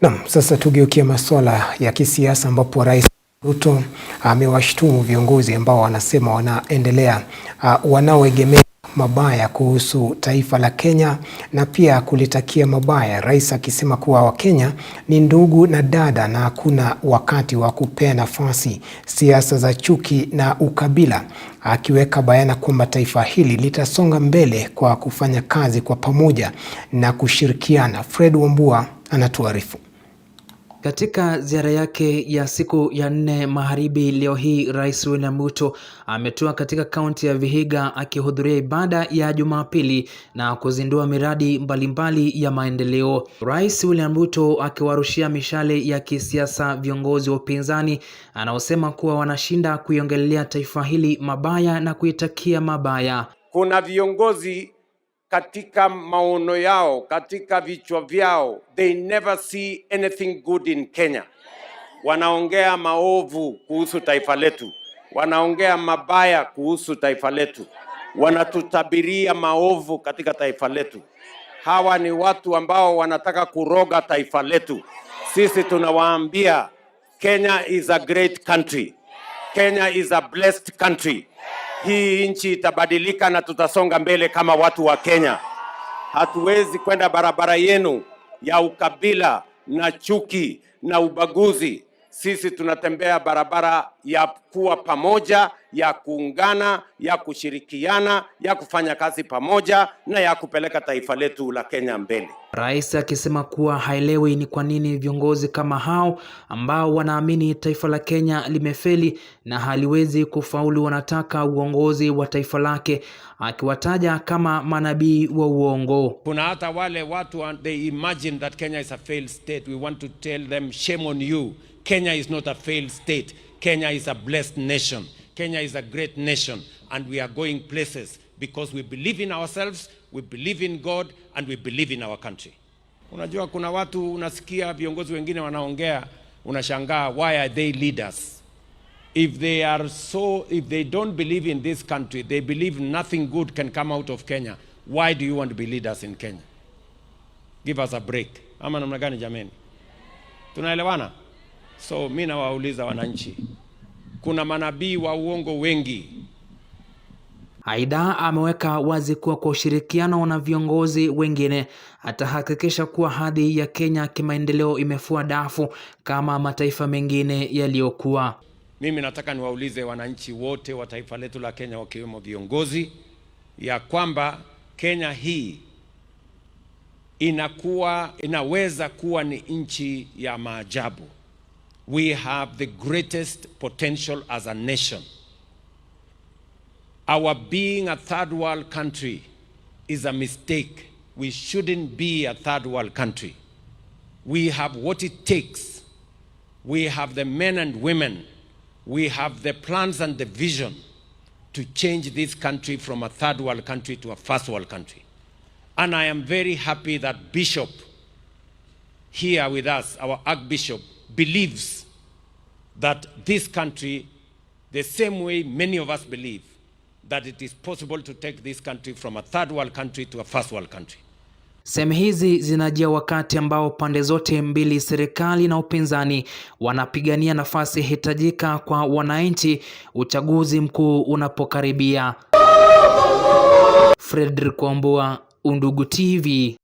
Naam, sasa tugeukie masuala ya kisiasa ambapo Rais Ruto amewashtumu viongozi ambao wanasema wanaendelea uh, wanaoegemea mabaya kuhusu taifa la Kenya na pia kulitakia mabaya, rais akisema kuwa Wakenya ni ndugu na dada na hakuna wakati wa kupea nafasi siasa za chuki na ukabila, akiweka bayana kwamba taifa hili litasonga mbele kwa kufanya kazi kwa pamoja na kushirikiana. Fred Wambua anatuarifu. Katika ziara yake ya siku ya nne magharibi leo hii, Rais William Ruto ametua katika kaunti ya Vihiga akihudhuria ibada ya Jumapili na kuzindua miradi mbalimbali ya maendeleo. Rais William Ruto akiwarushia mishale ya kisiasa viongozi wa upinzani anaosema kuwa wanashinda kuiongelea taifa hili mabaya na kuitakia mabaya. Kuna viongozi katika maono yao, katika vichwa vyao, they never see anything good in Kenya. Wanaongea maovu kuhusu taifa letu, wanaongea mabaya kuhusu taifa letu, wanatutabiria maovu katika taifa letu. Hawa ni watu ambao wanataka kuroga taifa letu. Sisi tunawaambia Kenya is a great country. Kenya is a blessed country. Hii nchi itabadilika na tutasonga mbele kama watu wa Kenya. Hatuwezi kwenda barabara yenu ya ukabila na chuki na ubaguzi. Sisi tunatembea barabara ya kuwa pamoja, ya kuungana, ya kushirikiana, ya kufanya kazi pamoja na ya kupeleka taifa letu la Kenya mbele. Rais akisema kuwa haelewi ni kwa nini viongozi kama hao ambao wanaamini taifa la Kenya limefeli na haliwezi kufaulu wanataka uongozi wa taifa lake, akiwataja kama manabii wa uongo. Kuna hata wale watu they imagine that Kenya is a failed state. We want to tell them shame on you. Kenya is not a failed state. Kenya is a blessed nation. Kenya is a great nation and we are going places because we believe in ourselves, we believe in God and we believe in our country. Unajua kuna watu unasikia viongozi wengine wanaongea, unashangaa why are they leaders? If they are so, if they don't believe in this country, they believe nothing good can come out of Kenya. Why do you want to be leaders in Kenya? Give us a break. Ama namna gani jameni? Tunaelewana? So mi nawauliza wananchi, kuna manabii wa uongo wengi. Aidha, ameweka wazi kuwa kwa ushirikiano na viongozi wengine atahakikisha kuwa hadhi ya Kenya kimaendeleo imefua dafu kama mataifa mengine yaliyokuwa. Mimi nataka niwaulize wananchi wote wa taifa letu la Kenya, wakiwemo viongozi, ya kwamba Kenya hii inakuwa inaweza kuwa ni nchi ya maajabu. we have the greatest potential as a nation. Our being a third world country is a mistake. We shouldn't be a third world country. We have what it takes. We have the men and women. We have the plans and the vision to change this country from a third world country to a first world country. And I am very happy that Bishop here with us, our Archbishop, believes that this country, the same way many of us believe, that it is possible to take this country from a third world country to a first world country. Sehemu hizi zinajia wakati ambao pande zote mbili, serikali na upinzani, wanapigania nafasi hitajika kwa wananchi uchaguzi mkuu unapokaribia. Fredrick Wambua, Undugu TV.